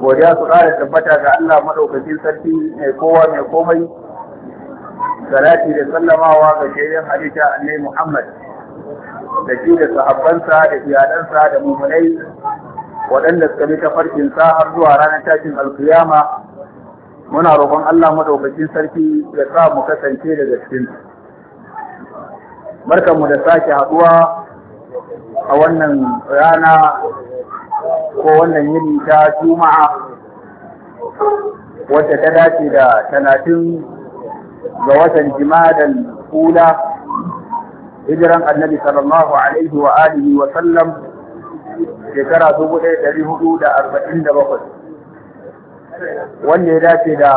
godiya su ƙara tabbata ga Allah maɗaukakin sarki mai kowa mai komai salati da sallamawa ga shaidan halitta annai Muhammad da shi da sahabbansa da iyalansa da mummunai waɗanda suka bi tafarkinsa har zuwa ranar tashin alkiyama muna roƙon Allah maɗaukakin sarki ya sa mu kasance da cikin barkanmu da sake haɗuwa a wannan rana ko wannan yini ta juma'a wadda ta dace da talatin ga watan jimadan kula hijiran annabi sallallahu alaihi wa alihi wa sallam shekara dubu ɗaya ɗari hudu da arba'in da bakwai wanda ya dace da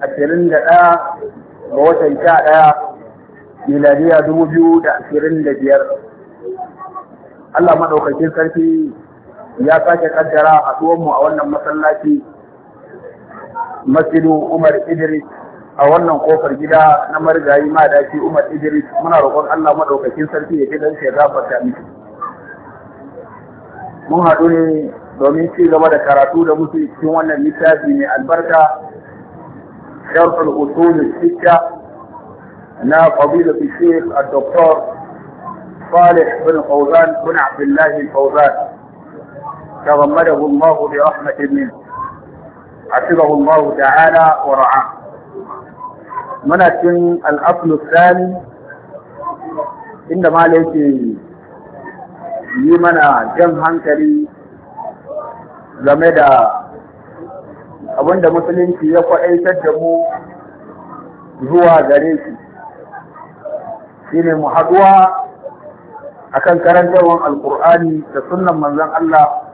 ashirin da ɗaya ga watan sha ɗaya miladiya dubu biyu da ashirin da biyar Allah maɗaukakin sarki ya sake kaddara a mu a wannan masallaci masjidu Umar Idris a wannan kofar gida na marigayi shi Umar Idris muna roƙon Allah madaukakin sarki ya kidan shi ya gafarta miki mun haɗu ne domin ci gaba da karatu da musu cikin wannan littafi mai albarka sharhul usul sitta na fadila fadilatu shaykh al-doktor صالح بن فوزان بن عبد الله الفوزان تضمنه الله برحمة منه حفظه الله تعالى ورعاه منة الأصل الثاني عندما ليس يمنع جم هنكلي game da abinda musulunci ya kwaɗaitar da mu zuwa gare shi shine mu haɗuwa akan karantarwar alkur'ani da sunnan manzon Allah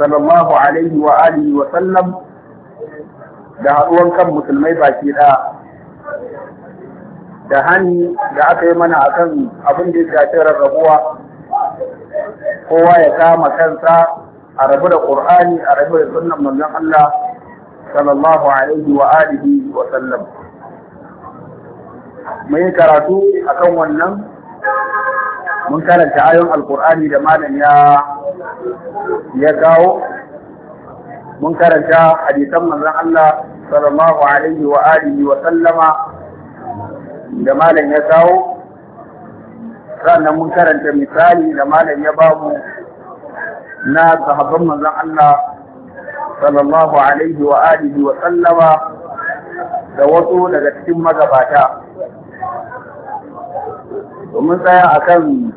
sallallahu alaihi wa alihi wa sallam da haɗuwan kan musulmai baki ɗaya da hani da aka yi mana akan abin da ya shafi rarrabuwa kowa ya kama kansa a rabu da ƙur'ani a rabu da sunan manzon Allah sallallahu alaihi wa alihi wa sallam mun karatu akan wannan mun karanta ayon alƙur'ani da malam ya ya kawo mun karanta hadisan manzon Allah sallallahu alaihi wa alihi wa sallama da malam ya kawo sannan mun karanta misali da malam ya babu na sahabban manzon Allah sallallahu alaihi wa alihi wa sallama da wasu daga cikin magabata domin tsaya akan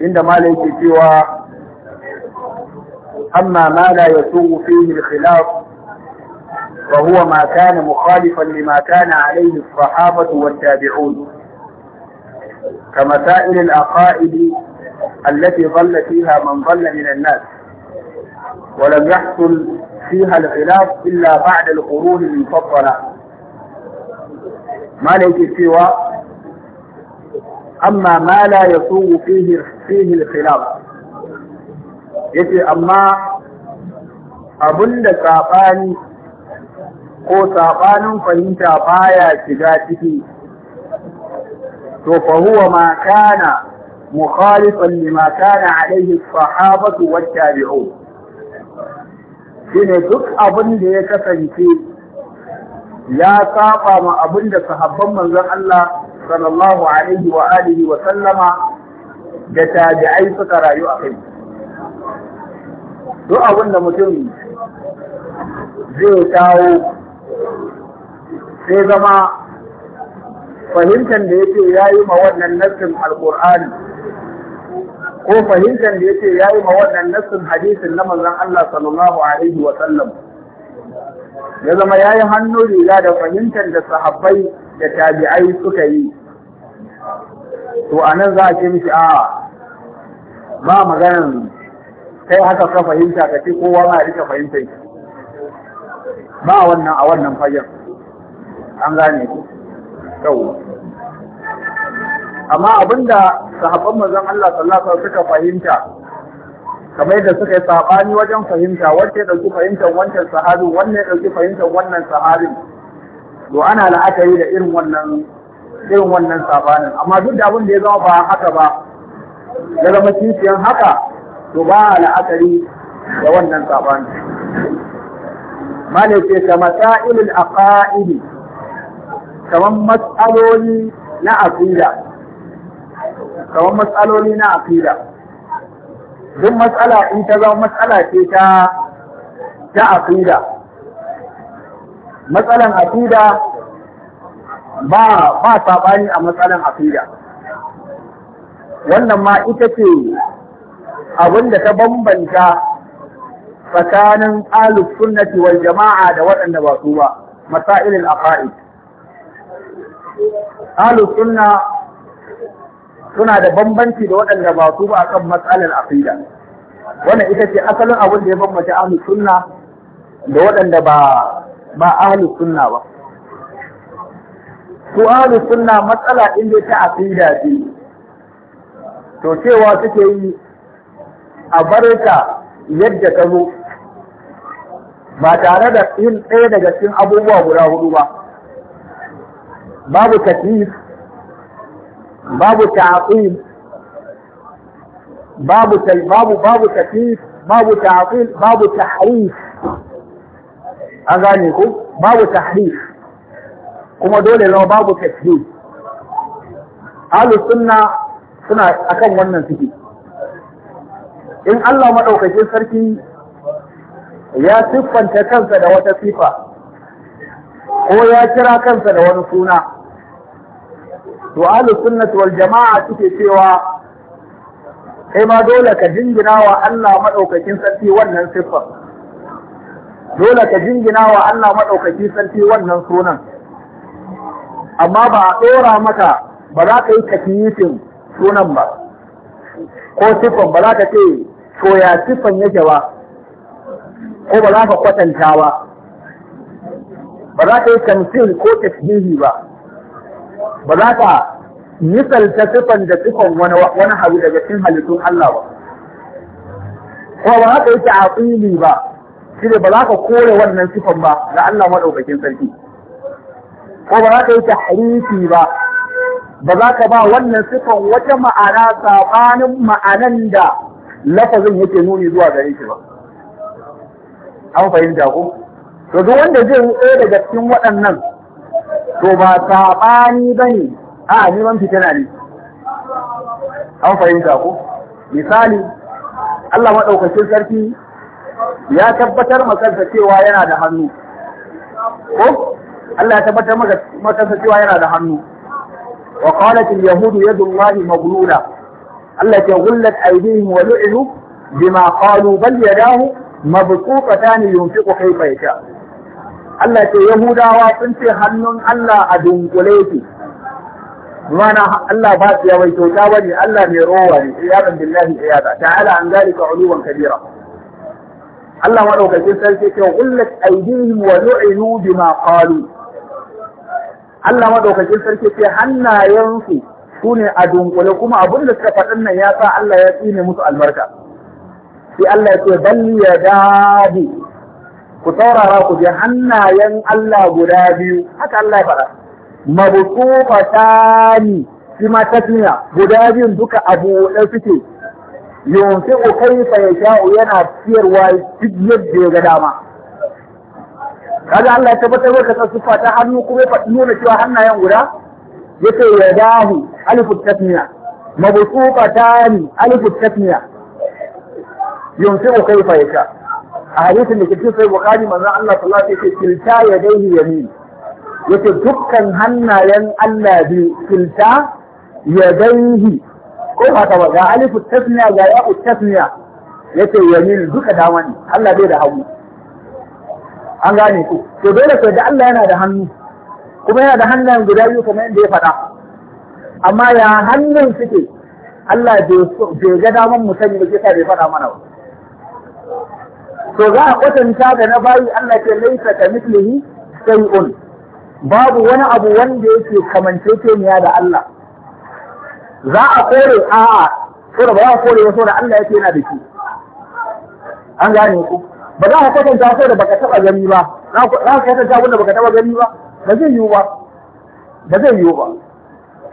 inda mala سوى أما ما لا يسوغ فيه الخلاف فهو ما كان مخالفا لما كان عليه الصحابة والتابعون كمسائل العقائد التي ظل فيها من ظل من الناس ولم يحصل فيها الخلاف إلا بعد القرون المفضلة ما ليس سوى amma ma la yasuwu fihi fihi al-khilaf yace amma abinda sabani ko fahimta baya shiga ciki to fa huwa ma kana mukhalifan lima kana alaihi sahabatu wat tabi'un shine duk abin da ya kasance ya saba ma abinda sahabban manzon Allah sallallahu alaihi wa alihi wa sallama da tabi'ai suka rayu a kai duk abin da mutum zai kawo sai zama fahimtar da yake ya yi ma wannan nassin alkur'ani ko fahimtar da yake ya yi ma wannan nassin hadisin na manzon Allah sallallahu alaihi wa sallam ya zama ya yi hannu riga da fahimtar da sahabbai da tabi'ai suka yi to a nan za a ce mishi a ba maganan kai haka ka fahimta ka ce kowa ma rika fahimta ba wannan a wannan fagen an gane ku yau amma abinda sahabban manzon Allah sallallahu alaihi suka fahimta kamar da suka yi sabani wajen fahimta wacce ya su fahimtar wancan sahabi wannan da su fahimta wannan sahabin to ana la'akari da irin wannan irin wannan sabanin amma duk da abin da ya zama ba haka ba ya zama kishiyan haka to ba la'akari da wannan sabanin malai ce ka masailul aqaidi kamar mas'aloli na aqida kamar matsaloli na aqida duk matsala in ta zama matsala ce ta ta aqida matsalan akida ba ba sabani a matsalan akida wannan ma ita ce abin da ta bambanta tsakanin alif sunnati wal jama'a da waɗanda ba su ba Masailin aqaid alif sunna suna da bambanci da waɗanda ba su ba akan matsalar aqida wannan ita ce asalin abin da ya bambanta alif sunna da waɗanda ba ba ahli sunna ba su ahli sunna matsala inda ta aqida ce to cewa suke yi a barka yadda ka zo ba tare da yin ɗaya daga cikin abubuwa guda hudu ba babu taklif babu ta'qim babu babu babu taklif babu ta'qim babu tahrif an gane ku? babu tahrif kuma dole zama babu tahrif ahlus sunna suna akan wannan suke in Allah maɗaukakin sarki ya siffanta kansa da wata sifa ko ya kira kansa da wani suna to ahlus sunnati wal jama'a suke cewa kai ma dole ka jingina wa Allah madaukakin sarki wannan siffar dole ka jingina wa Allah maɗaukaki sarki wannan sunan amma ba a ɗora maka ba za ka yi yi sunan ba ko siffan ba za ka ce to ya siffan yake ba ko ba za ka kwatanta ba ba za ka yi tamsil ko tasbihi ba ba za ka misalta siffan da siffan wani wani daga cikin halittun Allah ba ko ba za ka yi ta'atili ba shi ne ba za ka kore wannan sifan ba ga Allah maɗaukakin sarki ko ba za ka yi tahrifi ba ba za ka ba wannan sifan wata ma'ana saɓanin ma'anan da lafazin yake nuni zuwa gare shi ba an fahimta ko to duk wanda zai yi ɗaya daga cikin waɗannan to ba saɓani ba ne a neman na ne an fahimta ko misali Allah maɗaukakin sarki ya tabbatar makansa cewa yana da hannu ko Allah ya tabbatar makansa cewa yana da hannu wa qalat al yahud yadullahi maghlula Allah ya gullat aydihim wa lu'inu bima qalu bal yadahu mabsuqatan yunfiqu kayfa yasha Allah ya yahudawa sun ce hannun Allah a dunkule ki mana Allah ba su yawai kyauta bane Allah mai rowa ne iyadan billahi iyada ta'ala an zalika uluwan kabira Allah maɗaukacin sarki ce ullat aidihim wa lu'inu bima qalu Allah maɗaukacin sarki ce hannayensu su ne a dunkule kuma abin da suka faɗin nan ya sa Allah ya tsine musu albarka sai Allah ya ce balli ya dadi ku saurara ku je hannayen Allah guda biyu haka Allah ya faɗa mabusufa tani shi ma guda biyun duka abu ɗan suke kai fa ya yasha'u yana ciyarwa duk yadda ya ga dama kaga Allah ya tabbatar maka ta sifa ta hannu kuma ya nuna cewa hannayen guda Ya ce ya yadahu alifu tasmiya ta ni alifu tasmiya kai fa ya sha. a hadisin da kike sai bukhari manzon Allah sallallahu alaihi wasallam kilta yadayhi yamin yace dukkan hannayen Allah biyu kilta yadayhi ko haka ba ga alifu tasniya ga ya'u tasniya yace yamin duka dama ne Allah bai da hagu an gane ku to dole sai da Allah yana da hannu kuma yana da hannun guda biyu kamar yadda ya faɗa amma ya hannun suke Allah bai ga daman mu sani ba kisa bai faɗa mana ba to za a kwatanta da na bayi Allah ke laisa ka mislihi shay'un babu wani abu wanda yake kamanceceniya da Allah za a kore a'a a da ba za a kore ba da Allah ya ke yana da shi an gane ku ba za ka kwatanta so da baka taba gani ba za ka kwatanta wanda baka taba gani ba ba zai yiwu ba ba zai yiwu ba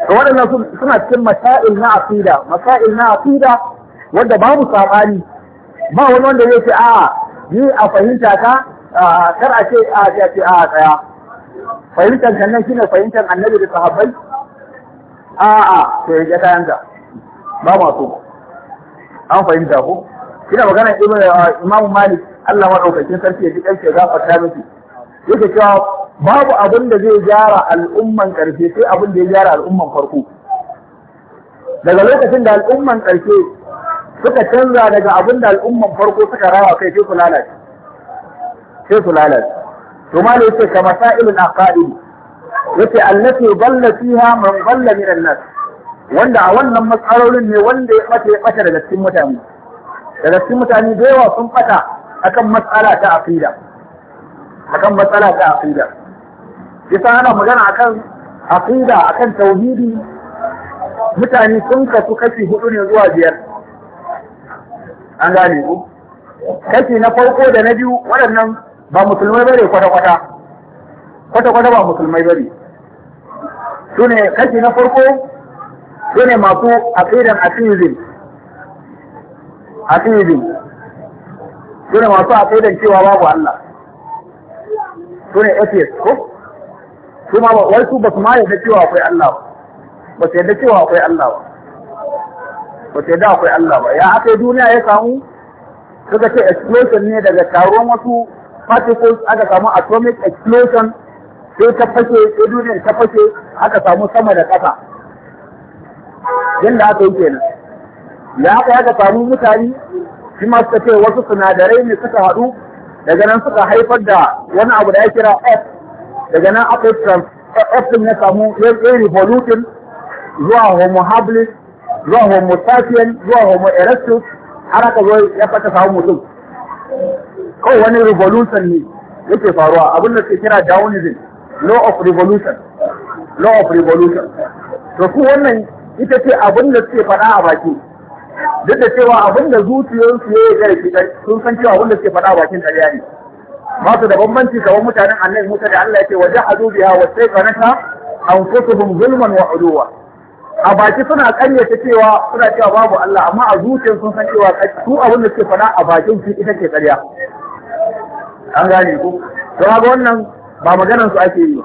to waɗannan suna cikin masail na aqida masail na aqida wanda babu sabani ba wani wanda zai ce a'a ni a fahimta ta kar a ce a ce a tsaya fahimtar kan nan shine fahimtar annabi da sahabbai a'a to ya kayan ka ba ma so an fahimta ko kina magana uh, imamu malik Allah ma madaukakin sarki ya ji kanki ya gafarta miki yake cewa babu abin da zai gyara al'umman karshe sai abin da ya gyara al'umman farko daga lokacin da al'umman karshe suka canza daga abin da al'umman farko suka rawa kai sai su lalace sai su lalace to malai yace kama sa'ilul aqaidi yace allati dalla fiha man dalla min an-nas wanda a wannan matsalolin ne wanda ya bace ya ɓata daga cikin mutane daga cikin mutane da yawa sun fata akan matsala ta aqida akan matsala ta aqida yasa ana magana akan aqida akan tauhidi mutane sun kasu kashi hudu ne zuwa biyar an gane ku kashi na farko da na biyu waɗannan ba musulmai bane kwata-kwata kwata-kwata ba musulmai ba ne su ne kashi na farko su ne masu aƙidan atheism atheism su ne masu aƙidan cewa babu Allah su ne atheist ko su ma ba wasu ba su ma yadda cewa akwai Allah ba su yadda cewa akwai Allah ba ba su yadda akwai Allah ba ya aka duniya ya samu suka ce explosion ne daga taruwan wasu particles aka samu atomic explosion sai ta fashe sai duniyar ta fashe aka samu sama da ƙasa yadda aka yi kenan ya haka aka samu mutane shi ma suka ce wasu sinadarai ne suka haɗu daga nan suka haifar da wani abu da ya kira F daga nan aka yi F ya samu ya revolution zuwa homo habilis zuwa homo sapien zuwa homo erectus har aka zo ya fata samu mutum kawai wani revolution ne yake faruwa abin da ke kira downism. law of revolution law of revolution to ku wannan ita ce abin da suke faɗa a baki duk da cewa abin da zuciyarsu ya yi gari sun san cewa abin da suke faɗa a bakin ƙarya ne ba su da bambanci ga mutanen annabi Musa da Allah yake waje a biha wa sai ganata anfusuhum zulman wa uduwa a baki suna kanyata cewa suna cewa babu Allah amma a zuciyar sun san cewa su abin da suke faɗa a bakin su ita ce ƙarya an gane ku to ga wannan ba maganan su ake yi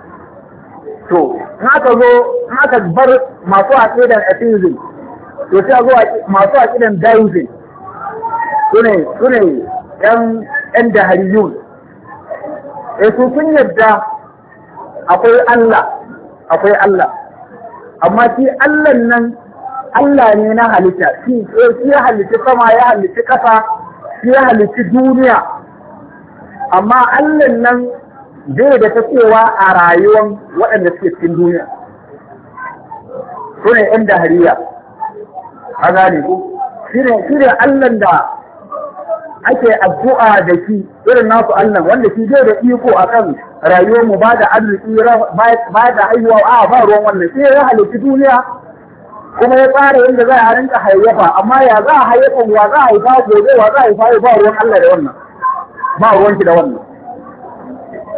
to in zo in bar masu aqidan atheism to sai a zo masu aqidan deism sune sune yan yan dahariyun eh su sun yadda akwai Allah akwai Allah amma shi Allah nan Allah ne na halitta shi eh, shi ya halitta sama ya halitta kasa shi ya halitta duniya amma Allah nan bai da ta cewa a rayuwan waɗanda suke cikin duniya su ne da hariya. a gane ku shi ne allan da ake addu'a da shi irin nasu allan wanda shi zai da iko a kan rayuwar mu ba da arziki ba da haihuwa a ba ruwan wannan sai ya halittu duniya kuma ya tsara yadda za a rinka hayyafa amma ya za a hayyafa wa za a haifa gobe wa za a haifa ba ruwan Allah da wannan ba ruwanki da wannan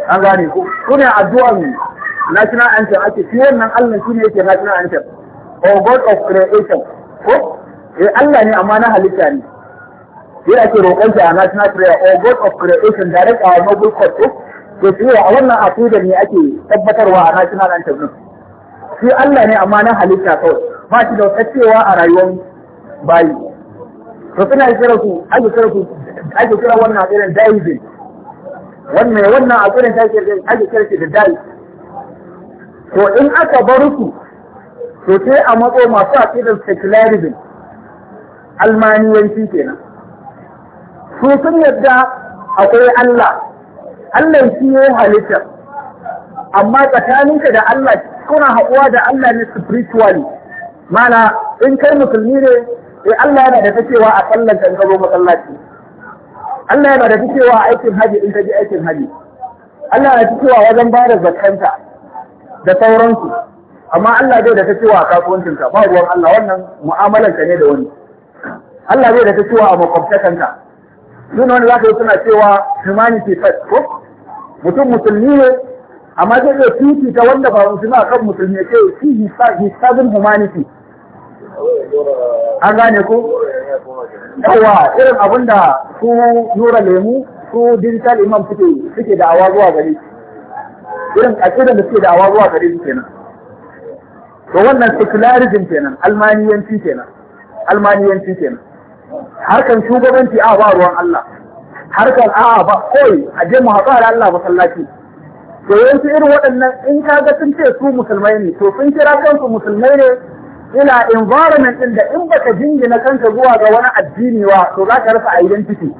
an gane ko sune addu'an national anthem ake shi wannan Allah ne yake national anthem oh god of creation ko eh Allah ne amma na halitta ne sai ake roƙon a national prayer oh god of creation direct our noble court ko to shi a wannan aqida ne ake tabbatarwa a national anthem din shi Allah ne amma na halitta kawai ba shi da wata cewa a rayuwar bayi to suna kira ku, ake kira wannan irin daizin wannan wannan a gurin ta ake kirki da dai to in aka bar su to sai a matso masu aqidar secularism almaniyanci kenan su sun yadda akwai Allah Allah shi ne halitta amma tsakaninka da Allah kuna haƙuwa da Allah ne spiritually mana in kai musulmi ne eh, Allah yana da ta a sallan kan masallaci Allah yana da cewa aikin haji in ta ji aikin haji Allah yana da cewa wajen ba da zakanta da sauransu amma Allah zai da ta cewa kasuwancinka ba ruwan Allah wannan mu'amalanka ne da wani Allah zai da ta cewa a makwabtakanka suna wani za ka yi suna cewa humanity first ko mutum musulmi ne amma zai iya ta wanda ba musulmi a kan musulmi ya ce shi his humanity an gane ko yawa irin abin da su nura lemu su digital imam suke suke awa zuwa gari irin aƙidar da suke awa zuwa gari su kenan to wannan secularism kenan almaniyanci kenan almaniyanci kenan harkan shugabanci a ba ruwan Allah harkan a ba koi a je mu haɗu Allah masallaci to yanzu irin waɗannan in ka ga sun ce su musulmai ne to sun kira kansu musulmai ne ina environment ɗin da in baka jingina kanka zuwa ga wani addini wa to za ka rasa identity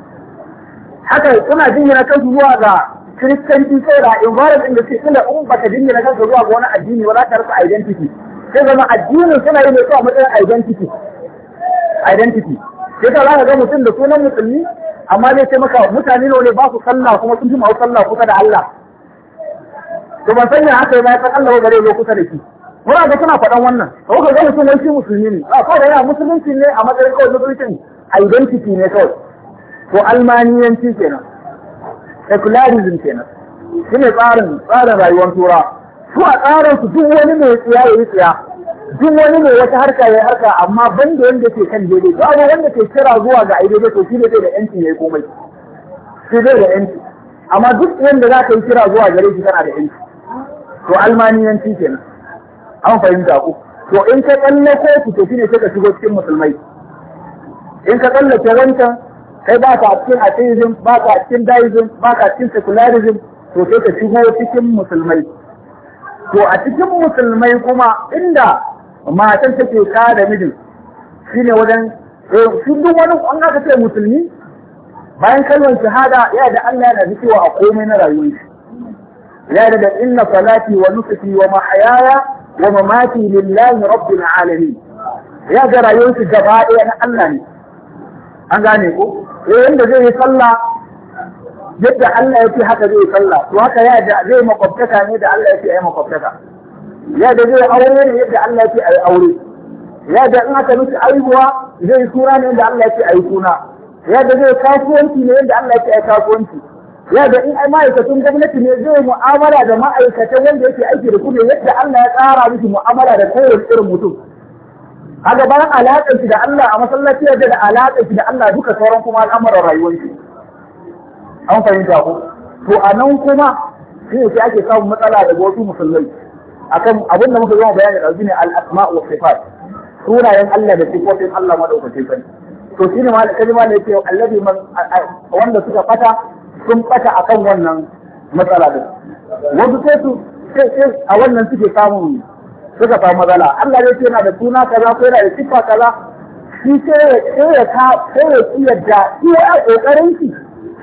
haka kuna jingina kanka zuwa ga kiristanci da environment ɗin da suke tunda in baka jingina kanka zuwa ga wani addini wa za ka rasa identity sai zama addinin suna yi ne kawai matsayin identity identity sai ka za ka ga mutum da sunan musulmi amma zai ce maka mutane ne ne ba su sallah kuma sun fi masu sallah kusa da Allah to ban sanya haka ba sai Allah ba gare zo kusa da shi muna ga tana faɗan wannan ko ka ga mutum wai shi musulmi ne a ah, kawai yana musulunci ne a matsayin kawai musulunci identity ne kawai Ko almaniyanci kenan secularism kenan shi ne tsarin tsarin rayuwar tura su a tsarin su duk wani mai tsiya ya yi tsiya duk wani mai wata harka ya yi harka amma ban da wanda ke kan daidai to abu wanda ke kira zuwa ga daidai to shi ne zai da yanci ya yi komai shi zai da yanci amma duk wanda za ka yi kira zuwa gare shi kana da yanci to almaniyanci kenan an fahimta ku to in ka ko ku to shine sai ka shigo cikin musulmai in ka kalle taranta kai ba ka cikin atheism ba ka cikin daism ba ka cikin secularism to sai ka shigo cikin musulmai to a cikin musulmai kuma inda matan take ka da mijin shine wajen eh, shi duk wani an aka ce musulmi bayan kalmar shahada ya da Allah yana zikewa a komai na rayuwar shi ya da inna salati wa nusuki wa mahayaya wa mamati lillahi rabbil alamin ya ga rayuwarsa gaba ɗaya na Allah ne an gane ko eh yanda zai yi sallah yadda Allah ya ce haka zai yi sallah to haka ya da zai makwabtaka ne da Allah ya ce ai makwabtaka ya da zai aure ne yadda Allah ya ce ai aure ya da in aka miki aibuwa zai yi sura ne yadda Allah ya ce ai suna ya da zai kasuwanci ne yadda Allah ya ce ai kasuwanci ya da in ai ma'aikatan gwamnati ne zai mu'amala da ma'aikatan wanda yake aiki da kuɗi yadda Allah ya tsara miki mu'amala da kowane irin mutum kaga gaban alaƙar da Allah a masallaci yadda da alaƙar da Allah duka sauran kuma al'amuran rayuwar ki an fahimta ko to a nan kuma shi ne ake samun matsala daga wasu musulmai akan abin da muka zama bayani ɗauki ne al-asma wa sifat sunayen Allah da sifofin Allah madaukakin sani to shi ne malaka ne yake allazi man wanda suka fata sun ɓata a kan wannan matsala din wasu sai su a wannan suke samun suka samu matsala Allah ya ce yana da suna kaza ko yana da siffa kaza shi sai ya ka sai ya ci yadda shi ya kokarin shi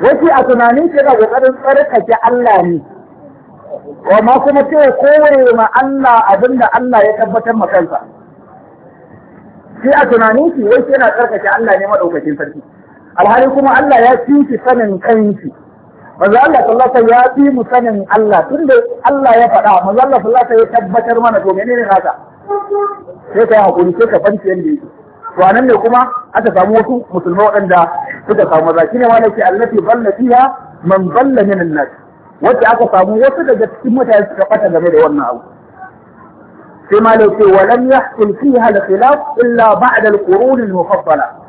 wace a tunanin shi yana kokarin tsarkake Allah ne amma kuma sai ya kore ma Allah abinda Allah ya tabbatar ma kansa shi a tunanin shi wace yana tsarkake Allah ne madaukakin sarki alhali kuma Allah ya ci shi sanin kanshi manzo Allah sallallahu alaihi ya fi mu sanin Allah tunda Allah ya faɗa manzo Allah sallallahu alaihi ya tabbatar mana to menene haka sai kai hakuri sai ka fanci yanda yake to anan ne kuma aka samu wasu musulmai waɗanda suka samu maza shine wanda ke allati balla fiha man balla min an wacce aka samu wasu daga cikin mutane suka fata game da wannan abu sai ma ce walam yahsul fiha al-khilaf illa ba'da al-qurun al-mufaddala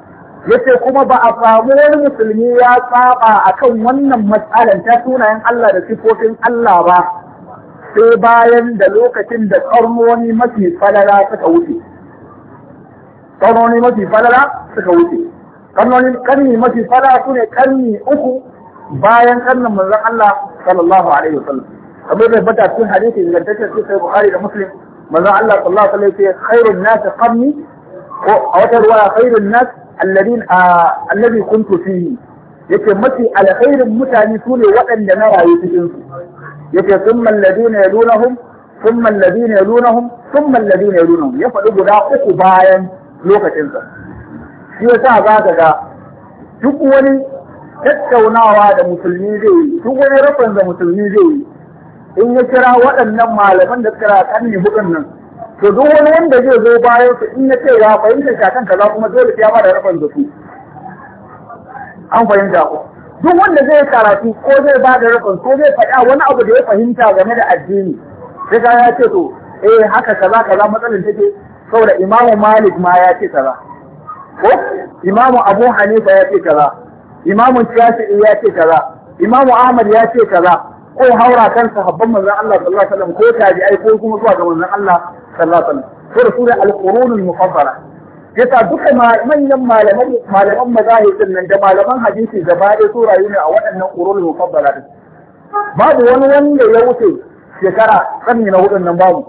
yace kuma ba a samu wani musulmi ya saba akan wannan matsalan ta sunayen Allah da sifofin Allah ba sai bayan da lokacin da tsarnoni mafi falala suka wuce tsarnoni mafi falala suka wuce karnoni karni mafi falala sune karni uku bayan karnin manzon Allah sallallahu alaihi wasallam kamar da bata cikin hadisi ingantacce sai sai Bukhari da Muslim manzon Allah sallallahu alaihi wasallam ya ce khairun nas qarni ko a wata ruwaya khairun nas alladin alladhi kuntu fihi yake mafi alkhairin mutane su ne waɗanda na rayu cikin su yake thumma alladina yalunahum thumma alladina yalunahum thumma alladina yalunahum ya faɗi guda uku bayan lokacinsa. Shi shi yasa za ka ga duk wani tattaunawa da musulmi zai yi duk wani rafin da musulmi zai yi in ya kira waɗannan malaman da suka karni hudun nan to duk wani wanda zai zo bayan su in ya ce ya fahimta kan kaza kuma dole sai ya bada rabon da su an fahimta ko. duk wanda zai karatu ko zai bada rabon ko zai faɗa wani abu da ya fahimta game da addini sai ka ya ce to eh haka kaza kaza matsalar take saboda imamu malik ma ya ce kaza ko imamu abu hanifa ya ce kaza imamu shafi'i ya ce kaza imamu ahmad ya ce kaza ko haura kansa, sahabban manzon Allah sallallahu alaihi wasallam ko tabi'ai ko kuma zuwa ga manzon Allah sallallahu alaihi wasallam sai sura al-qurun al-mufaddala yasa duka manyan malaman malaman mazahibin nan da malaman hadisi gaba da su rayu ne a waɗannan qurun al-mufaddala din babu wani wanda ya wuce shekara ƙarni na hudun babu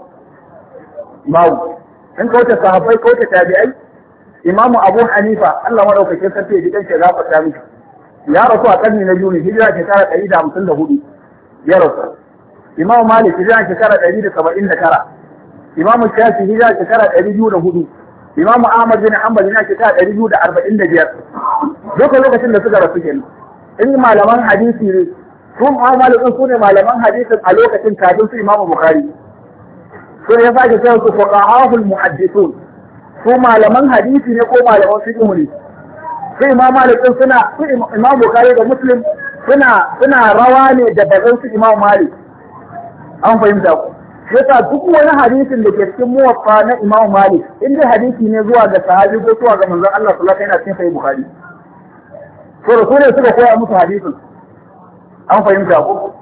babu in kauce sahabbai kauce tabi'ai imamu abu hanifa Allah madaukakin sarki ya ji kanke gafarta miki ya rasu a ƙarni na biyu ne hijira shekara ɗari da hamsin da hudu ya rasu imam malik hijira shekara ɗari da da saba'in tara, imam shafi hijira shekara ɗari biyu da hudu, imam ahmad bin hanbal hijira shekara 245 duka lokacin da suka rasu kenan in malaman hadisi ne Su imam malik su ne malaman hadisin a lokacin kafin su imam bukhari so ya sake cewa su fuqahahul muhaddithun su malaman hadisi ne ko malaman fiqh ne sai imam malik suna su imam bukhari da muslim suna suna rawa ne da bazan su Imam Malik an fahimta ku yasa duk wani hadisin da ke cikin muwaffa na Imam Malik in dai hadisi ne zuwa ga sahabi ko zuwa ga manzon Allah sallallahu alaihi wasallam cikin sahih Bukhari to da sune suka koya musu hadisin an fahimta ku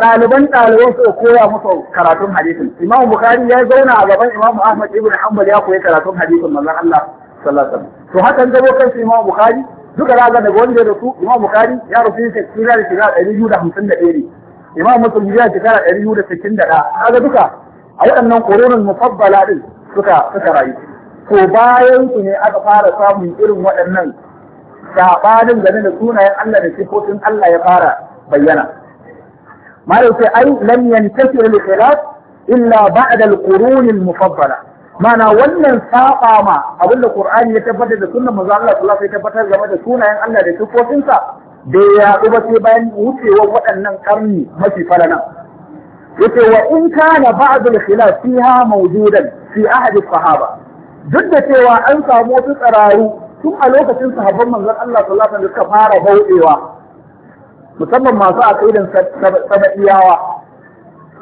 ɗaliban ɗaliban suka koya musu karatun hadisin Imam Bukhari ya zauna a gaban Imam Ahmad ibn Hanbal ya koyi karatun hadisin manzon Allah sallallahu alaihi wasallam to hakan gabo kansu Imam Bukhari duka za ga daga wanda ya rasu imam bukari ya rasu yin shekara da shekara ɗari biyu da hamsin da ɗaya ne imam musulmi ya shekara ɗari biyu da sittin da ɗaya kaga duka a waɗannan koronin mufabbala ɗin suka suka rayu to bayan su ne aka fara samun irin waɗannan saɓanin game da sunayen Allah da sifofin Allah ya fara bayyana malam sai ai lam yantasir al-khilaf illa ba'da al-qurun al-mufabbala mana wannan saba ma abin da Qur'ani ya tabbatar da sunnar manzo Allah sallallahu alaihi tabbatar game da sunayen Allah da sifofinsa da ya ba sai bayan wucewa waɗannan karni mafi falalan yace wa in kana ba'd al-khilaf fiha mawjudan fi ahad as-sahaba duk da cewa an samu wasu tsararu tun a lokacin sahabban manzon Allah sallallahu alaihi suka fara bauɗewa musamman masu aqidan sabaiyawa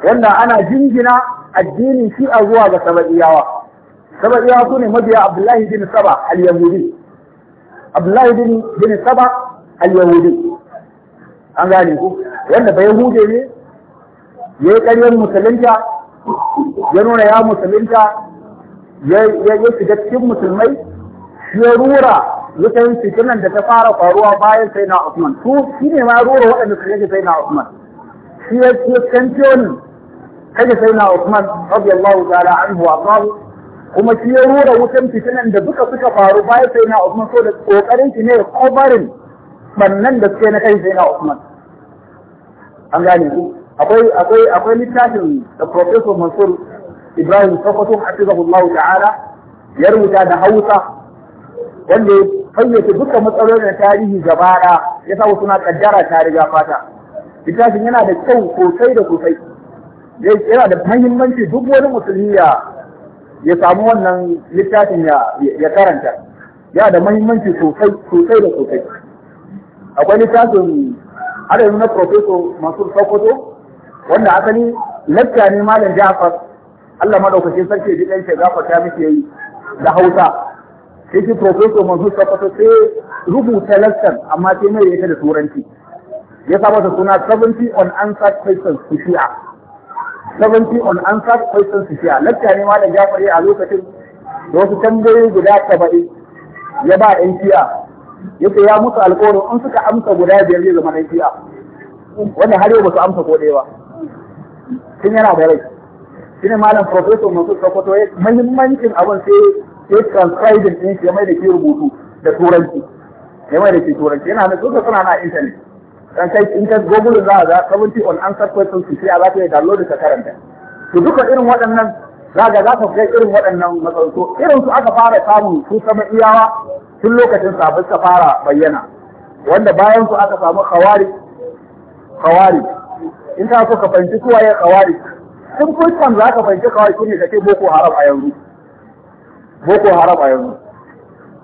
wanda ana jingina addinin shi'a zuwa ga sabaiyawa سبب يعطوني مدي عبد الله بن سبع اليهودي عبد الله بن بن سبع اليهودي أنا قال يقول وأنا بيهودي لي يكلم مسلم جا ينون يا مسلم جا ي ي يسجد كم مسلم أي شرورا يتهم سجنا عند كفارة فاروا باي سيدنا عثمان شو كم ما رورا وأنا سجد سيدنا عثمان شو شو كنتون سيدنا عثمان رضي الله تعالى عنه وأرضاه kuma shi ya rura wutan fitinan da duka suka faru bayan sai na Usman so da kokarin shi ne ya kobarin bannan da suke na kai sai na Usman an gane ku akwai littafin da Professor Mansur Ibrahim Sokoto Allah ta'ala ya rubuta da Hausa wanda ya fayyace duka matsalolin tarihi gaba ya sa suna kaddara ta riga fata littafin yana da kyau sosai da sosai yana da mahimmanci duk wani musulmi ya ya samu wannan littafin ya karanta ya da mahimmanci sosai da sosai akwai littafin har na profeso masu sokoto wanda asali lakka ne malam jafar Allah maɗaukacin sarki ji ɗan shagafa ta miki yayi da hausa sai shi profeso masu sokoto sai rubuta lakkan amma sai mai yake da turanci ya sa da suna 70 on answered questions to shi'a 70 on answered questions siya lakta ne da jafari a lokacin da wasu tambayoyi guda saba'in ya ba ɗan ya yace ya musu alƙawarin in suka amsa guda biyar zai zama ɗan wanda har yau ba su amsa ko ɗaya ba tun yana da rai shi ne malam professor Mansur Sokoto ya muhimmancin abin sai ya transcribing ɗin shi ya mai da ke rubutu da turanci ya mai da ke turanci yana da suka suna na intanet dan kai in ka google za ga 70 on answer questions su sai za ka yi download ka karanta to duka irin waɗannan za ga za ka ga irin waɗannan matsalolin irin su aka fara samu su sama iyawa tun lokacin sabbin ka fara bayyana wanda bayan su aka samu khawarij khawarij in ka so ka fahimci su waye khawarij tun fuskan za ka fahimci khawarij ne ka ce boko haram a yanzu boko haram a yanzu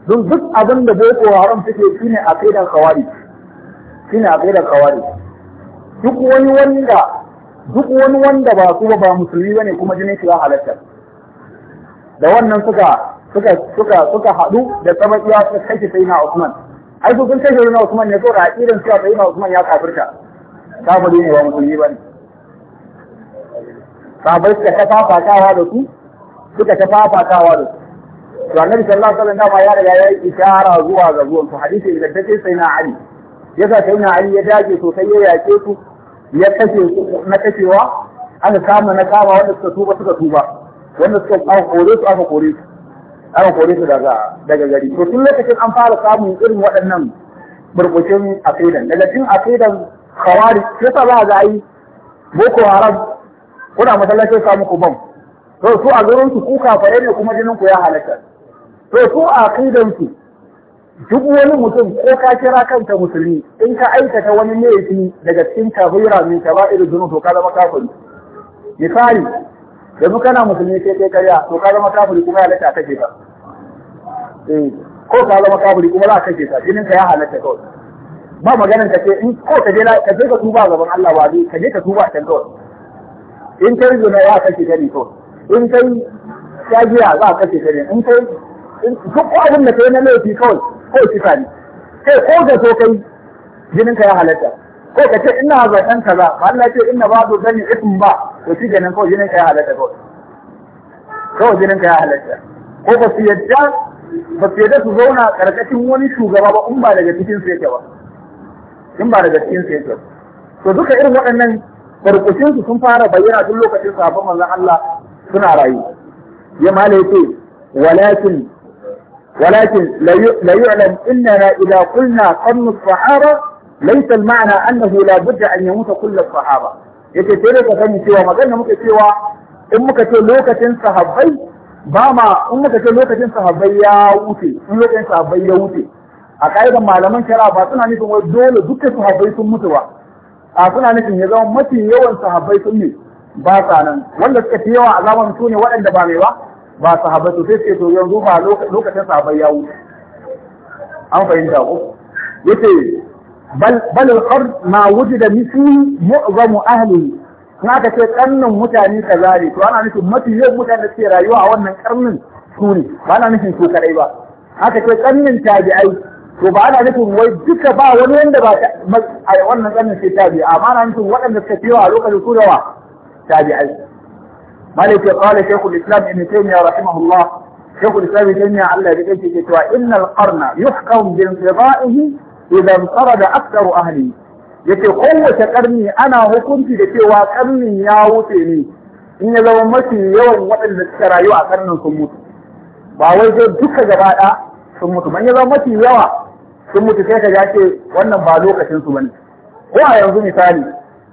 don duk abin da boko haram suke shine a kaidan khawarij shine aqidar kawari duk wani wanda duk wani wanda ba su ba musulmi bane kuma jinin shi ba halatta da wannan suka suka suka suka haɗu da iya ta kashe sai na Usman ai su sun kashe na Usman ne da irin cewa sai na Usman ya kafirta kafiri ne ba musulmi bane sahabbai suka ta fafatawa da su suka ta fafatawa da su to annabi sallallahu alaihi wasallam ya riga ya yi isharar zuwa ga zuwan su hadisi da take sai na Ali yasa sai na Ali ya dage sosai ya yake su ya kashe na kashewa aka kama na kama wanda suka tuba suka tuba wanda suka aka kore su aka kore su aka kore su daga daga gari to tun lokacin an fara samun irin waɗannan burbucin aqidan daga cikin aqidan khawarij sai sa za a ga ai boko haram kuna masallacin samu ku bam to su a garin su ku kafare ne kuma jinin ku ya halatta to su aqidan su duk wani mutum ko ka kira kanka musulmi in ka aikata wani laifi daga cikin kabira min kaba'ir zunub to ka zama kafiri misali yanzu kana musulmi sai kai karya to ka zama kafiri kuma ya lata kake ka eh, ko ka zama kafiri kuma za ka kake ka jinin ka ya halatta kawai ba maganar ka ce in ko ka je ka je ka tuba gaban Allah ba ka je ka tuba can kawai in kai zuna ya kake ka ne kawai in kai shagiya za ka kake ka ne in kai duk abin da kai na laifi kawai ko sifa ne kai ko da so kai jinin ka ya halatta ko ka ce ina zaɓen kaza ba Allah ce ina ba zo zan yi ism ba to shi kenan kawai jinin ka ya halatta kawai kawai jinin ka ya halatta ko ba su yadda ba su yadda su zauna karkashin wani shugaba ba in ba daga cikin su yake ba in ba daga cikin su yake to duka irin waɗannan barkushin su sun fara bayyana tun lokacin sabon manzon Allah suna rayu ya mala yace walakin ولكن لا يعلم إننا إذا قلنا قرن الصحابة ليس المعنى أنه لا بد أن يموت كل الصحابة yake sai dai ka sani cewa maganar muka cewa in muka ce lokacin sahabbai ba ma in muka ce lokacin sahabbai ya wuce in lokacin sahabbai ya wuce a ƙa'idar malaman shari'a ba suna nufin wai dole dukkan sahabbai sun mutu ba a suna nufin ya zama mafi yawan sahabbai sun ne ba sa nan wanda suka fi yawa a zaman su ne waɗanda ba mai ba ba sahabatu sai ce to yanzu ba lokacin sahabbai ya wuce an fahimta ko yace bal bal har qard ma wujida misli mu'zamu ahli na ka ce karnin mutane kaza ne to ana nufin mafi yawan mutane da suke rayuwa a wannan karnin su ne ba ana nufin su kadai ba aka ce karnin tabi'ai to ba ana nufin wai duka ba wani wanda ba a wannan karnin sai tabi'a amma ana nufin waɗanda suka fiye a lokacin su da wa tabi'ai malik qala shaykhul islam ibn taymiyyah rahimahullah shaykhul islam ibn taymiyyah allah ya kace cewa innal qarna yuhkam bi intidaihi idan sarada aktaru ahli yace kowace karni ana hukunci da cewa karnin ya wuce ne in ya zama mafi yawan waɗanda suka rayu a karnin mutu ba wai zai duka gaba ɗaya sun mutu ba zama mafi yawa sun mutu sai ka ga wannan ba lokacin su bane ko a yanzu misali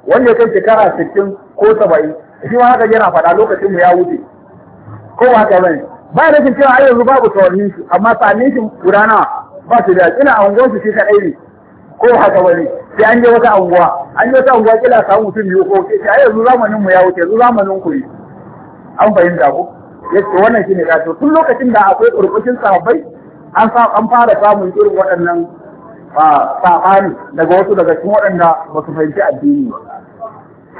wanda ya kai shekara 60 ko saba'in. shi wani haka yana faɗa lokacin mu ya wuce ko ba ka bane ba da cewa ai yanzu babu tawanni shi amma sami shi guda nawa ba su da ina anguwar su shi kadai ne ko haka bane sai an je wata anguwa an je wata anguwa kila samu mutum biyu ko ke ai yanzu zamanin mu ya wuce yanzu zamanin ku ne an fahimta ko yace wannan shine ne to tun lokacin da akwai kurkushin sahabbai an sa an fara samun irin waɗannan a ah, sabani daga wasu daga cikin waɗanda ba su fahimci addini ba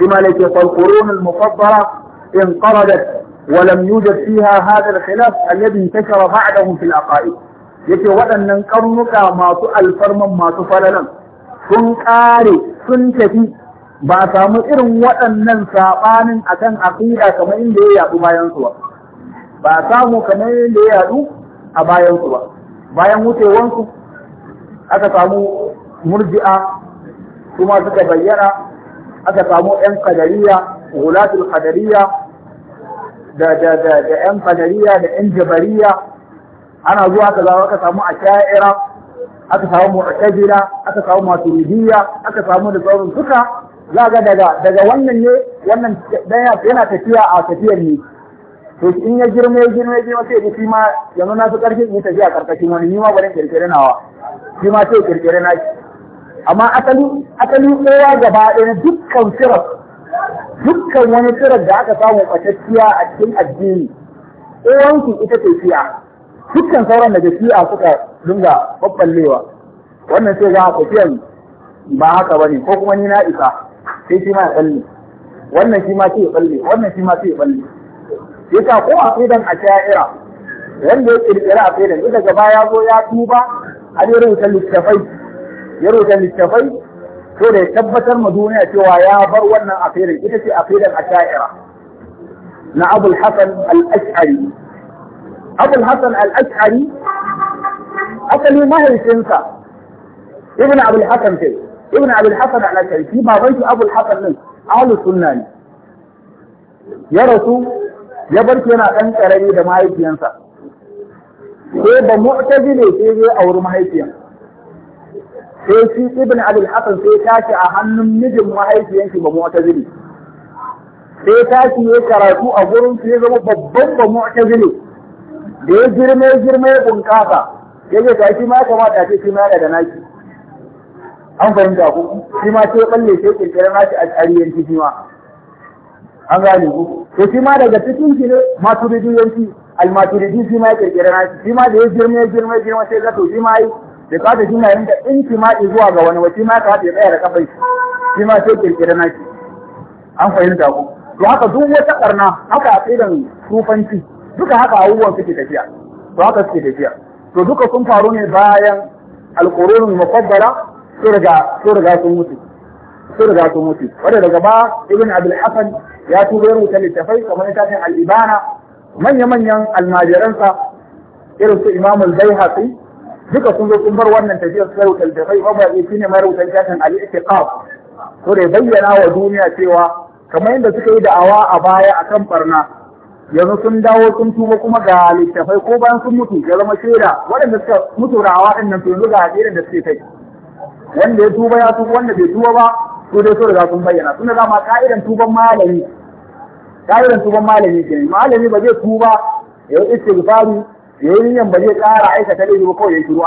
كما لك فالقرون المفضلة انقرضت ولم يوجد فيها هذا الخلاف الذي انتشر بعدهم في العقائد yake waɗannan karnuka masu alfarma masu falalan sun ƙare sun tafi ba samu irin waɗannan saɓanin akan aƙida kamar inda ya yaɗu bayan su ba ba samu kamar inda ya yaɗu a bayansu ba bayan wucewansu aka samu murji'a kuma suka bayyana aka samu ‘yan kadariya, wulatul kadariya, da ‘yan kadariya da ‘yan jabariya, ana zuwa aka zama aka samu a sha'ira, aka samu mu'tazila, aka samu maturidiyya, aka samu da sauran duka za ga daga daga wannan ne wannan yana tafiya a tafiyar ne to in ya girma ya girma ya girma sai shi ma yanzu na su karfin yi tafiya karkashin wani ni ma bari kirkire nawa shi ma sai kirkire na shi amma asali asali kowa gaba ɗaya dukkan sirar dukkan wani sirar da aka samu ɓatacciya a cikin addini kowansu ita ce shi'a dukkan sauran daga shi'a suka dinga babballewa wannan sai za a tafiyan ba haka bane ko kuma ni na isa sai shi ma ya tsalle wannan shi ma sai ya tsalle wannan shi ma sai ya tsalle yasa ko a tsidan a sha'ira wanda ya kirkira a tsidan ita gaba ya zo ya tuba a ne rubuta littafai ya rubuta littafai to da ya tabbatar ma duniya cewa ya bar wannan aqidan ita ce aqidan asha'ira na Abul Hasan al-Ash'ari Abul Hasan al-Ash'ari asali mahaifinsa Ibn Abul Hasan ce Ibn Abul Hasan al-Ash'ari shi baban shi Abul Hasan din ahlus sunna ne ya rasu ya bar yana ɗan ƙarami da mahaifiyansa sai ba mu'tazile sai ya auri mahaifiyan sai shi ibn abul hasan sai tashi a hannun mijin mahaifiyan shi ba mu'tazili sai tashi ya karatu a gurin su ya zama babban ba mu'tazili da ya girme girme ya bunƙasa ya ce ta shi ma kamata ce shi ma da naki an fahimta ku shi ma sai balle sai kirkirar naki a tsariyanci shi ma an gane ku to shi ma daga cikin shi ne maturidiyanci almaturidiyanci shi ma ya kirkira naki shi ma da ya girme girme girma sai zato shi ma yi da kada shi na rinka intima'i zuwa ga wani wace ma ka ya tsaya da kafai shi ma sai kirkira naki an fahimta ku to haka duk wata karna haka a aqidan sufanci duka haka abubuwan suke tafiya to haka suke tafiya to duka sun faru ne bayan alqurunul mufaddala sun riga sun riga sun mutu sun riga sun mutu wanda daga ba ibn abul hasan ya tuba ya rubuta littafai kamar littafin al-ibana manya-manyan almajiransa irin su imamul bayhaqi duka sun zo sun bar wannan tafiyar su wutar da kai ba ya shine mai rubutan shafin al-i'tiqad to da bayyana wa duniya cewa kamar yadda suka yi da'awa a baya akan barna yanzu sun dawo sun tuba kuma ga littafai ko bayan sun mutu ya zama shaida waɗanda suka mutu da awa ɗin nan to yanzu ga hadirin da suke kai wanda ya tuba ya tuba wanda bai tuba ba to dai so da sun bayyana suna zama ka'idan tuban malami ka'idan tuban malami kenan malami ba zai tuba ya yi istighfari yayin ba zai kara aikata laifi ba kawai ya shiru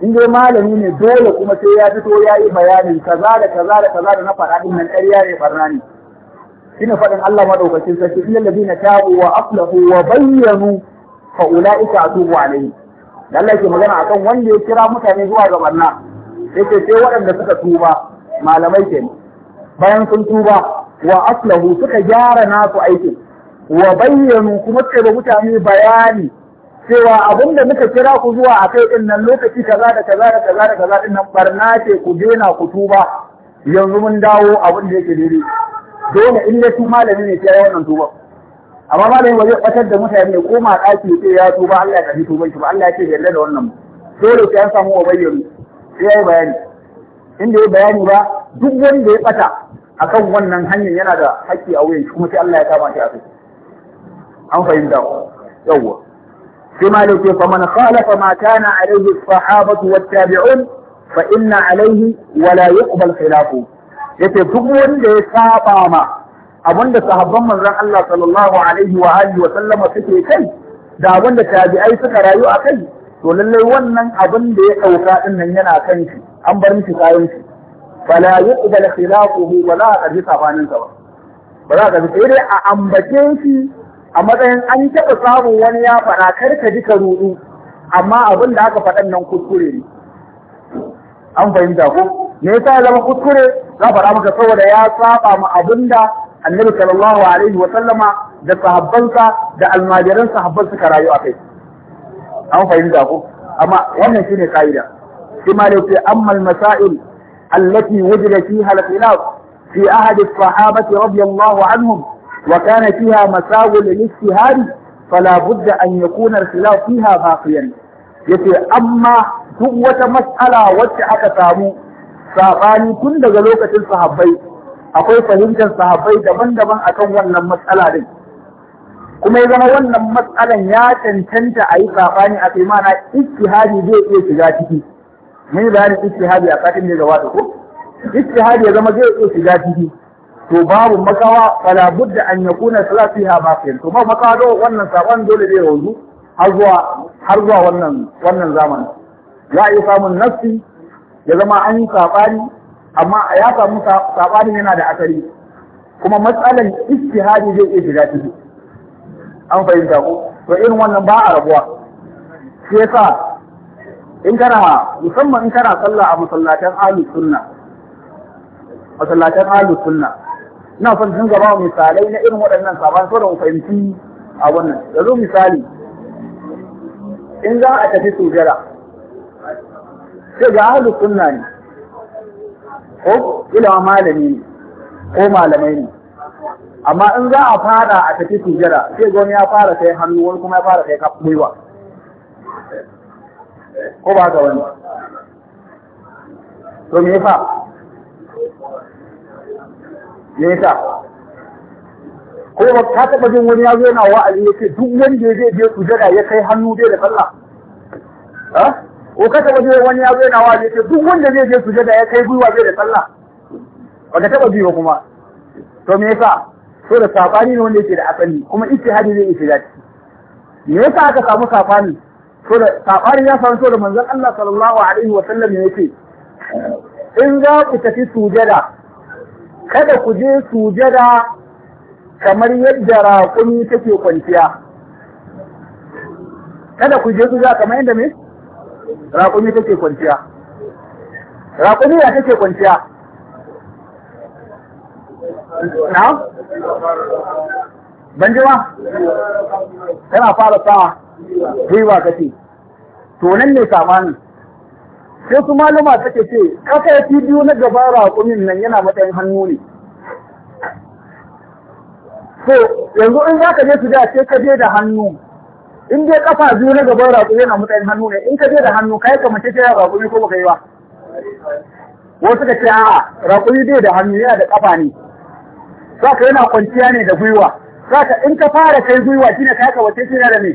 in dai malami ne dole kuma sai ya fito ya yi bayanin kaza da kaza da kaza da na faɗa din nan ƙarya ne barna ne ina faɗin Allah madaukakin sarki illal ladina tabu wa Aflahu? wa bayyanu fa ulaika atubu alaihi Allah yake magana akan wanda ya kira mutane zuwa ga barna yake sai waɗanda suka tuba malamai ke bayan sun tuba wa Aflahu suka gyara nasu aikin wa bayyanu kuma suka mutane bayani cewa abin da muka kira ku zuwa a kai ɗin nan lokaci kaza da kaza da kaza da kaza ɗin nan barna ce ku daina ku tuba yanzu mun dawo abin da yake daidai dole in su malami ne sai wannan tuba amma malami ba zai da mutane ko ma ɗaki sai ya tuba Allah ya tafi tuban shi ba Allah ya ce yarda da wannan dole sai an samu wa bayyana sai ya yi bayani inda ya bayani ba duk wanda ya a akan wannan hanyar yana da haƙƙi a wuyan shi kuma sai Allah ya kama shi a kai an fahimta yawwa sai malik ya faman khalafa ma kana alaihi sahabatu wattabi'un fa inna alaihi wala yace duk wanda ya saba ma abinda sahabban manzon Allah sallallahu alaihi wa alihi wa sallama suke kai da wanda tabi'ai suka rayu a kai to lallai wannan abin da ya dauka din nan yana kan shi an bar shi kayan shi fala yuqbal khilafuhu wala a karbi sa ba ba za ka sai dai a ambace shi a matsayin an taɓa samun wani ya faɗa kar ka ji ka ruɗu!" amma abin da aka faɗan nan kuskure ne an fahimta ko me yasa ya zama kuskure za a faɗa maka saboda ya saba ma abin da annabi sallallahu alaihi wa sallama da sahabbansa da almajiran sahabban suka rayu a kai an fahimta ko amma wannan shine ka'ida shi ma dai amma al-masail allati wujida fiha al-khilaf fi ahad as-sahabati radiyallahu anhum وكان فيها مساو للاجتهاد فلا بد أن يكون الخلاف فيها باقيا yace amma duk wata mas'ala wacce aka samu sabani tun daga lokacin sahabbai akwai fahimtar sahabbai daban-daban akan wannan matsala din kuma ya zama wannan matsalan ya cancanta a yi sabani a kai mana ijtihadi zai iya shiga ciki mun bayanin ijtihadi a katin da gabata ko ijtihadi ya zama zai iya shiga ciki to babu makawa fala budda an yakuna salatiha baqin to babu makawa do wannan saban dole ne yanzu har zuwa har zuwa wannan wannan zamani za a yi samun nafsi ya zama an yi sabani amma ya samu sabani yana da asali kuma matsalan istihadi zai iya shiga ciki an fahimta ko to irin wannan ba a rabuwa shi yasa in kana musamman in kana sallah a masallatan ahlus sunna masallatan ahlus sunna ina son dinga ba misalai na irin waɗannan saban so da mu fahimci a wannan yanzu misali in za a tafi sojara sai ga ahlus sunna ne ko ila malami ne ko malamai ne amma in za a fara a tafi sujada sai gwani ya fara kai hannu wani kuma ya fara kai gwiwa ko ba ga wani to me fa. yasa ko ba ka taba jin wani ya yana wa'azi yake duk wanda ya je je sujada ya kai hannu dai da sallah ha ko ka taba jin wani ya yana wa'azi yake duk wanda zai je sujada ya kai gwiwa dai da sallah ba ka taba ji ba kuma to me yasa to da sabani ne wanda yake da asali kuma hadi zai ishi dai me yasa aka samu sabani to da sabani ya samu to da manzon Allah sallallahu alaihi wa sallam yake in za ku tafi sujada kada ku je sujada kamar yadda raƙumi take kwanciya kada ku je sujada kamar yadda me raƙumi take kwanciya raƙumi ya take kwanciya na ban ji ba tana fara sa riwa kace to nan ne samani wasu malama take ce fi biyu na gaba raƙumin nan yana matsayin hannu ne so yanzu in zaka je su da ce ka je da hannu in dai kafa biyu na gaban raƙumi yana matsayin hannu ne in ka je da hannu kai kamar ce ya raƙumi ko baka yi ba wasu ka ce a'a raƙumi dai da hannu yana da kafa ne zaka yana kwanciya ne da gwiwa zaka in ka fara kai gwiwa shine kai ka wace shi da ne.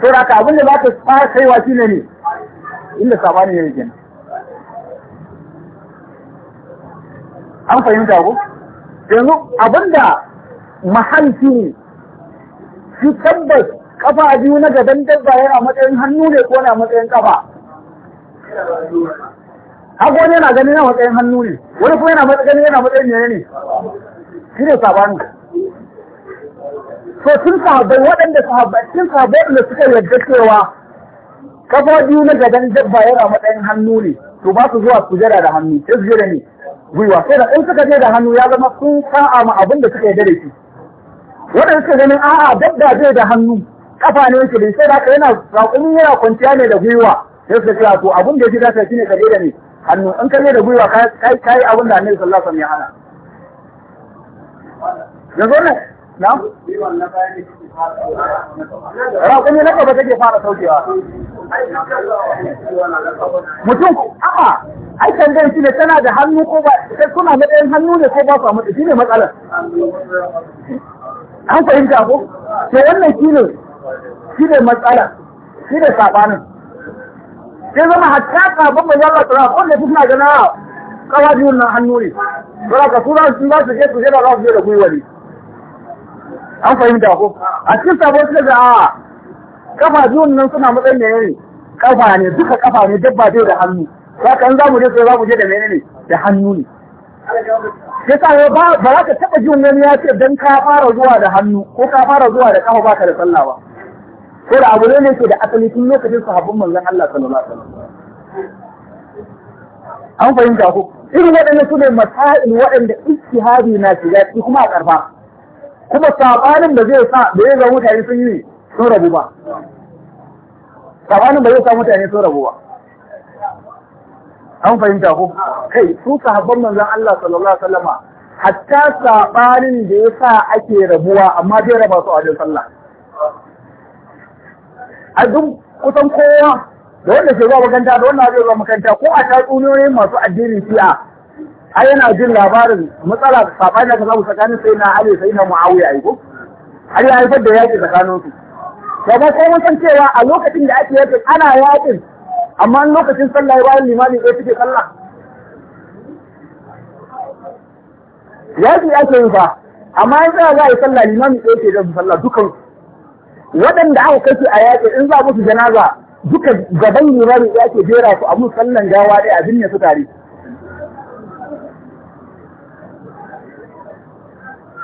to zaka abin da zaka fara kaiwa shine ne inda sabani ne kenan an fahimta ko yanzu abinda mahalci ne shi tabbas kafa biyu na gaban dabba yana matsayin hannu ne ko na matsayin kafa haka wani yana ganin yana matsayin hannu ne wani kuma yana matsayin yana matsayin ne ne shi ne sabani so sun sahabbai waɗanda sahabbai sun sahabbai da suka yarda cewa kafa biyu na gadan dabba yana matsayin hannu ne to ba su zuwa sujada da hannu sai sujada ne gwiwa sai da in suka je da hannu ya zama sun sa'a ma abin da suka yarda da shi waɗanda suka ganin a'a dabba zai da hannu kafa ne yake da sai da yana raƙumi yana kwanciya ne da gwiwa sai suka ce to abin da yake da sai shine kaje da ne hannu in ka je da gwiwa kai kai abin da Annabi sallallahu alaihi wasallam ya hana yanzu ne raƙumi na gaba take fara saukewa mutum a'a ai tambayar shi ne tana da hannu ko ba sai suna matsayin hannu ne ko ba su matsayi shi ne matsalar an fahimta ko to wannan shi ne shi ne matsalar shi ne sabanin sai zama hatta sabon mai yalla tsara ko da suna gana ah, kawa biyun nan hannu ne saboda ka sura za su je su je da za su je da gwiwa ne an fahimta ko a cikin sabon suka ga a kafa biyun nan suna matsayin da yanayi kafa ne duka kafa ne dabba bai da hannu haka kan za mu je sai za mu je da menene da hannu ne ya sa ba za ka taɓa jin wani ya ce don ka fara zuwa da hannu ko ka fara zuwa da kafa baka da sallah ba ko da abu ne ke da asali tun lokacin sahabbun manzon Allah sallallahu alaihi wasallam an fahimta ko irin waɗannan su ne masail waɗanda ijtihadi na shiga ciki kuma a karfa kuma sabanin da zai sa da ya zama mutane sun yi sun rabu ba sabanin da zai sa mutane sun rabu ba an fahimta ko kai su sahabban manzon Allah sallallahu alaihi wasallama hatta sabanin da ya sa ake rabuwa amma zai raba su a wajen sallah a duk kusan kowa da wanda ke zuwa makanta da wanda zai zuwa makanta ko a tatsuniyoyin masu addinin shi'a ai yana jin labarin matsala saɓani da ka samu tsakanin sai na Ali sai na Muawiya ai ko har ya haifar da yaƙi tsakanin su to ba ko san cewa a lokacin da ake yake ana yaƙin amma lokacin sallah ya bayan limami sai take sallah yaƙi ake yi fa amma in za a yi sallah limami sai ke zan sallah dukan waɗanda aka kashe a yaƙi in za musu janaza duka gaban limami ɗaya ke jera su a musu sallan gawa ɗaya a binne su tare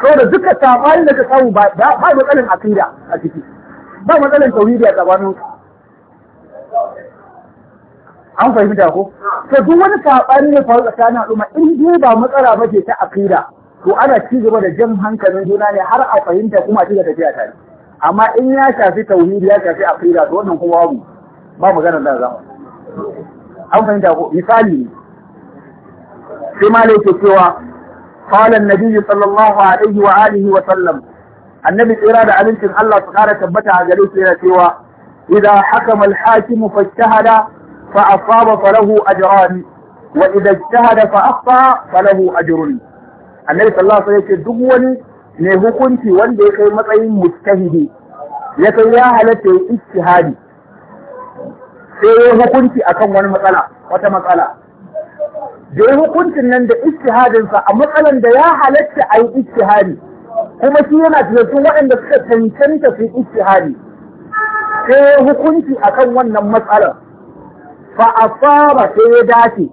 saboda duka sabanin da ka samu ba ba matsalin akida a ciki ba matsalin tauhidi a tsakanin an fahimta ko to duk wani sabani ne faru tsakanin al'umma in dai ba matsala ba ce ta akida to ana ci gaba da jan hankalin juna ne har a fahimta kuma ci gaba tafiya tare amma in ya shafi tauhidi ya shafi akida to wannan kuma babu ba magana da zama an fahimta ko misali sai ma ke cewa قال النبي صلى الله عليه وآله وسلم النبي إرادة أمنتم الله سبحانه ثبتها جليس إلى سوى إذا حكم الحاكم فاجتهد فأصاب فله أجران وإذا اجتهد فأخطأ فله أجر النبي صلى الله عليه وسلم دوني ne hukunci wanda ya kai matsayin mustahidi ya kai ya halatta ya ijtihadi sai ya hukunci akan wani matsala wata matsala da ya hukuncin nan da istihadinsa a matsalan da ya halatta a yi istihadi kuma shi yana tunanin waɗanda suka cancanta su yi istihadi sai hukunci kan wannan matsalar fa asaba sai ya dace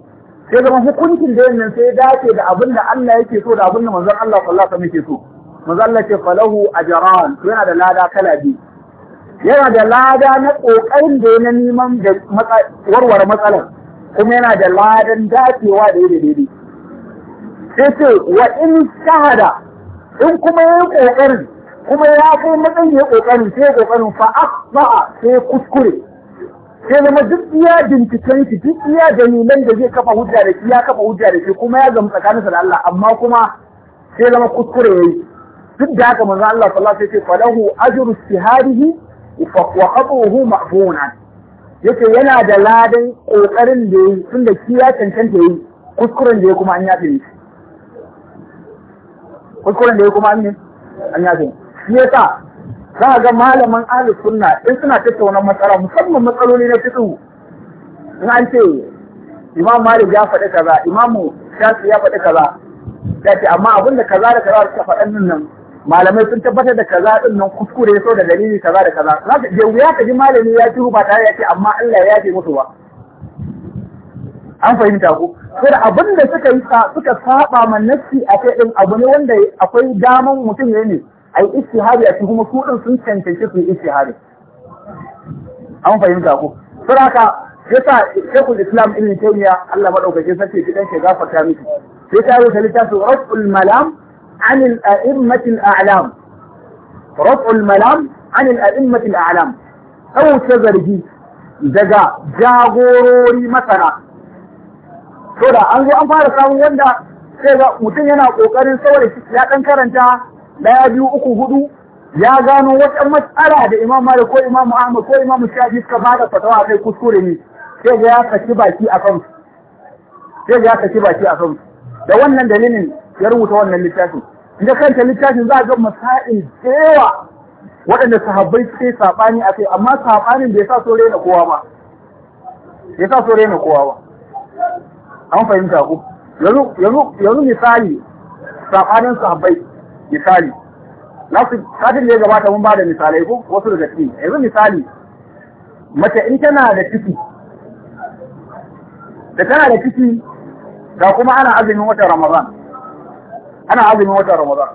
sai zama hukuncin da yannan sai ya dace da abin da Allah yake so da abin da manzon Allah sallallahu alaihi wasallam yake so manzon Allah ce falahu ajran yana da lada kala biyu yana da lada na kokarin da na neman da warware matsalar kuma yana da ladan dacewa da yadda daidai sai ce wa in shahada in kuma ya yi ƙoƙarin kuma ya kai matsayin ya ƙoƙarin sai ƙoƙarin fa asba'a sai kuskure sai zama duk iya binciken shi duk iya dalilan da zai kafa hujja da shi ya kafa hujja da shi kuma ya zama tsakaninsa da Allah amma kuma sai zama kuskure yayi duk da haka manzo Allah sallallahu alaihi wasallam sai ce ajru istihadihi wa qatuhu ma'funan yace yana da ladan kokarin da yi tun da shi ya cancanta yi, kuskuren da ya kuma an yafe shi kuskuren da ya kuma an ya an yafe shi sa za a ga malaman ahli sunna in suna tattauna matsala musamman matsaloli na fito. in an ce imam malik ya faɗi kaza imam shafi ya faɗi kaza ya ce amma abinda kaza da kaza suka faɗan nan malamai sun tabbatar da kaza din nan kuskure so da dalili kaza da kaza za ka je wuya ka ji malami ya ci ba tare ya ce amma Allah ya yafe musu ba an fahimta ku sai da abin da suka yi suka saba ma nafsi a kai din abu ne wanda akwai daman mutum ne ne ai istihari a cikin kuma su din sun cancanci su yi istihari an fahimta ku sai haka yasa Sheikhul Islam Ibn Taymiyyah Allah madaukake ce dan shi gafarta miki sai ta rubuta littafin Rasul Malam عن الأئمة الأعلام رفع الملام عن الأئمة الأعلام أو تزرجي daga jagorori masana. So da an zo an fara samun wanda sai ga mutum yana ƙoƙarin saboda ya ɗan karanta ɗaya biyu uku hudu ya gano wata mas'ala da Imam Malik ko Imam Ahmad ko Imam Shafi suka fara fatawa kai kuskure ne sai ga ya saki baki a kan sai ga ya a da wannan dalilin ya rubuta wannan littafin inda kanta littafin za a ga masa'il cewa waɗanda sahabbai sai saɓani a kai amma saɓanin bai sa sore na kowa ba ya sa sore na kowa ba an fahimta ku yanzu misali saɓanin sahabbai misali nasu satin da ya gabata mun ba da misalai ko wasu daga ciki yanzu misali mace in tana da ciki da tana da ciki ga kuma ana azumin watan ramadan ana azumin wata ramadan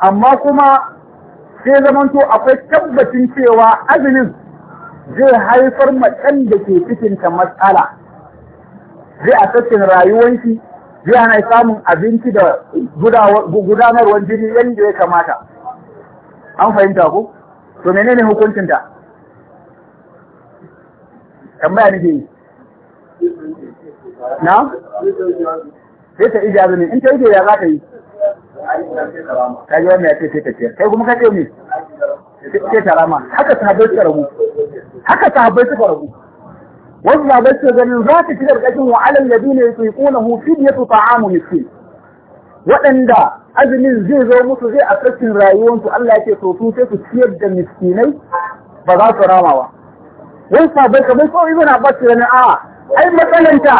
amma kuma sai zamanto akwai tabbacin cewa azumin zai haifar macen da ke cikinta matsala zai a cikin rayuwanki zai hana samun abinci da gudanarwar jini yadda ya kamata an fahimta ku to menene hukuncinta tambaya nake yi na sai ta ija ne in ta ije ya za ta yi ka ji wannan ya ce sai ta ce kai kuma ka ce ne sai ta rama haka sahabbai suka rabu haka sahabbai suka rabu wasu sahabbai suka ganin za ta ci karkashin wa alal ladina yuqiqunahu fidyatu ta'amu miskin waɗanda azumin zai zo musu zai a sassin rayuwarsu Allah ya ce to su sai su ciyar da miskinai ba za su rama ba wai sabai kamar kawai ibn Abbas ne a ai matsalanta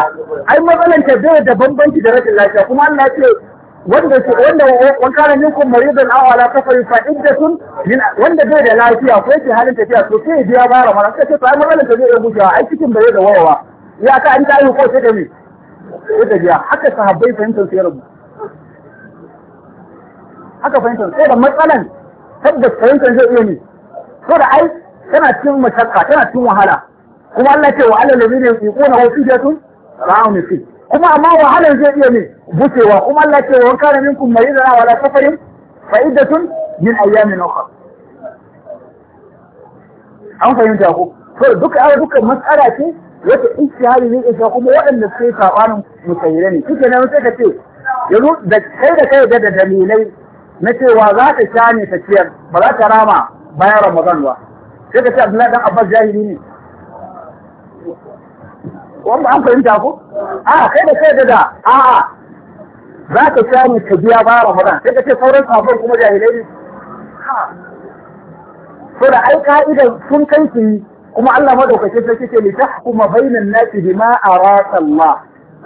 ai matsalanta bai da bambanci da rashin lafiya kuma Allah ya ce wanda wanda wanda kun maridan aw ala safarin fa iddatun wanda bai da lafiya ko yake halin tafiya to sai biya bara mara sai sai matsalanta zai iya gushewa ai cikin bai da wawa ya ka an tayi ko sai da ni? ko da biya haka sahabbai fahimtar sai rabu haka fahimtar sai da matsalan tabbas fahimtar zai iya ne so da ai tana cikin mashakka tana cikin wahala kuma Allah ce wa alal ladina yuquna wa fidatun ra'un fi kuma amma wa wahalar zai iya ne bucewa kuma Allah ce wa kana minkum maridan aw ala safarin fa iddatun min ayyamin ukhra an fahimta ko to duka ai duka mas'ala ce wata ijtihadi ne ita kuma waɗanda suke sabanin musayyire ne kike nan sai ka ce yanzu da kai da kai da dalilai na cewa za ka sha ne ta ciyar ba za ta rama bayan Ramadan ba sai ka ce Abdullahi dan Abbas jahili ne wanda an fahimta ko a kai da kai da a za ka samu ka biya ba Ramadan sai ka ce sauran sabon kuma jahilai ne so da ai ka'idan sun kai su yi kuma Allah madaukakin sai kike li tahkuma bainan nasi bima arata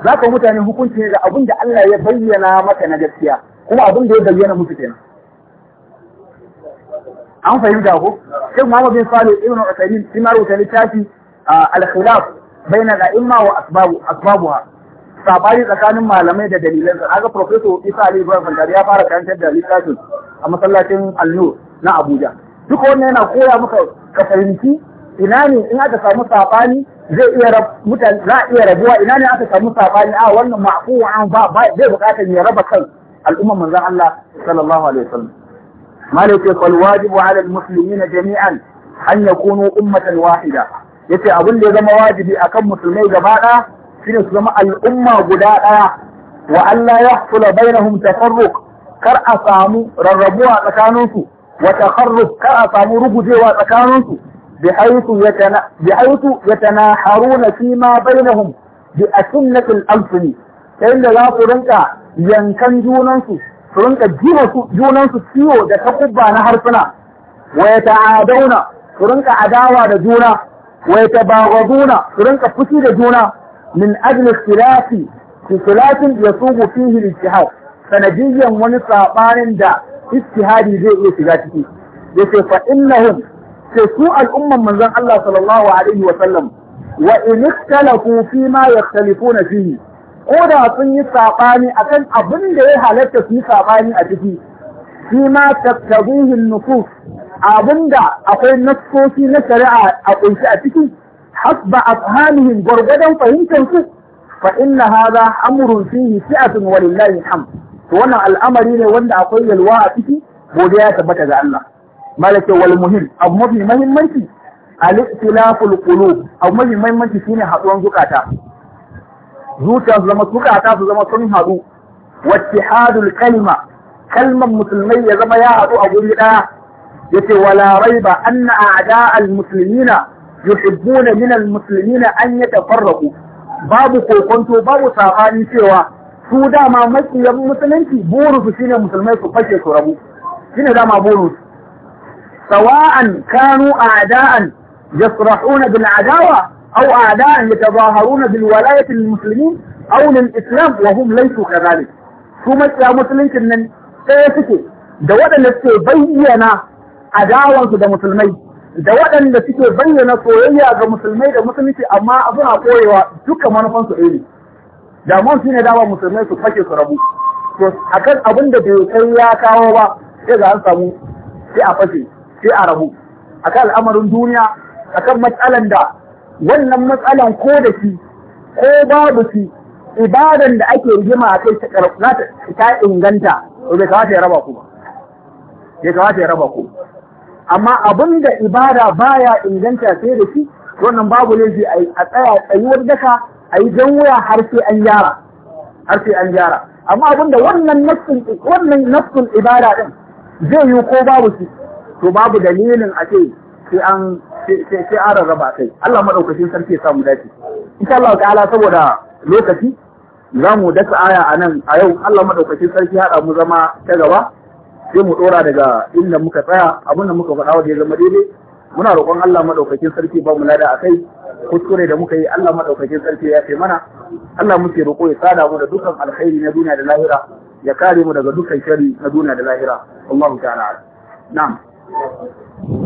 za ka mutane hukunci ne da abin da Allah ya bayyana maka na gaskiya kuma abin da ya bayyana musu kenan an fahimta ko Sheikh Muhammad bin Salih ibn Uthaymeen shi ma rubuta al-Khilaf bainal a'imma wa asbabu asbabuha sabani tsakanin malamai da dalilan sa kaga professor Isa Ali Ibrahim Fankari ya fara karantar da littafin a masallacin allo na Abuja Duk wannan yana koya maka ka fahimci ina ne in aka samu sabani zai iya mutane za a iya rabuwa ina ne aka samu sabani a wannan ma'fu an ba bai bukatar ya raba kan al'umma manzon Allah sallallahu alaihi wasallam malaka fal wajibu ala al-muslimina jami'an an yakunu Ya ce abin da ya zama wajibi a kan musulmai gaba ɗaya shine su zama al'umma guda ɗaya wa Allah ya hula bainahum tafarruq kar a samu rarrabuwa tsakanin su wa kar a samu rugujewa tsakanin su ya haythu yatana bi haythu yatanaharuna fi ma bi asunnatil alfi inda za su rinka yankan junan su su junansu su junan su ciwo da takubba na harsuna wa yata'aduna su rinka adawa da juna wa yatabaghaduna su rinka fushi da juna min ajli ikhtilafi fi khilatin yasubu fihi al-ijtihad sanadiyyan wani sabanin da ijtihadi zai iya shiga ciki yace fa innahum sai su al'umman manzon Allah sallallahu alaihi wa sallam wa in ikhtalafu fi ma yakhtalifuna fihi ko da sun yi sabani akan abin da ya halatta su yi sabani a ciki fi ma tattabihi an abinda akwai nassosi na shari'a a kunshi a ciki hasba afhamihim gwargwadon fahimtar su fa inna hadha amrun fihi si'atun walillahi alhamd to wannan al'amari ne wanda akwai yalwa a ciki gobe ya tabbata ga Allah malaka wal muhim abu mafi muhimmanci al-ikhtilaful qulub abu mafi muhimmanci shine haɗuwan zukata zuciya su zama zukata su zama sun haɗu wattihadul kalima kalmar musulmai ya zama ya haɗu a guri ɗaya yace wala raiba anna a'da al-muslimina yuhibbuna min al-muslimina an yatafarraqu babu kokonto babu sabani cewa su dama makiyan musulunci burinsu shine musulmai su kashe su rabu shine dama burinsu sawa'an kanu a'da'an yasrahuna bil adawa aw a'da'an yatazaharuna bil walayati lil muslimin aw lil islam wa hum laysu kadhalik su makiya musuluncin nan sai suke da waɗanda suke bayyana adawansu da musulmai da waɗanda suke bayyana soyayya ga musulmai da musulunci amma suna koyewa duka manufansu ɗaya ne damuwan shine dama musulmai su fashe su rabu to akan abin da bai kai ya kawo ba sai ga an samu sai a fashe sai a rabu akan al'amarin duniya akan matsalan da wannan matsalan ko da shi ko babu shi ibadan da ake rigima a kai ta inganta bai kamata ya raba ku ba bai kamata ya raba ku amma abin da ibada baya inganta sai da shi wannan babu laifi a tsaya tsayuwar daka a yi jan wuya har sai an gyara har sai an gyara amma abin da wannan nafsun wannan ibada din zai yi ko babu shi to babu dalilin a ce sai an sai an rarraba kai Allah madaukakin sarki ya samu dace insha Allah ta'ala saboda lokaci za mu dasa aya a nan a yau Allah madaukakin sarki haɗa mu zama ta gaba sai mu dora daga inda muka tsaya abin da muka faɗa wanda ya zama daidai muna roƙon Allah madaukakin sarki ba mu lada akai kuskure da muka yi Allah madaukakin sarki ya ce mana Allah muke roƙo ya sada mu da dukan alkhairi na duniya da lahira ya kare mu daga dukkan shari na duniya da lahira Allahu ta'ala na'am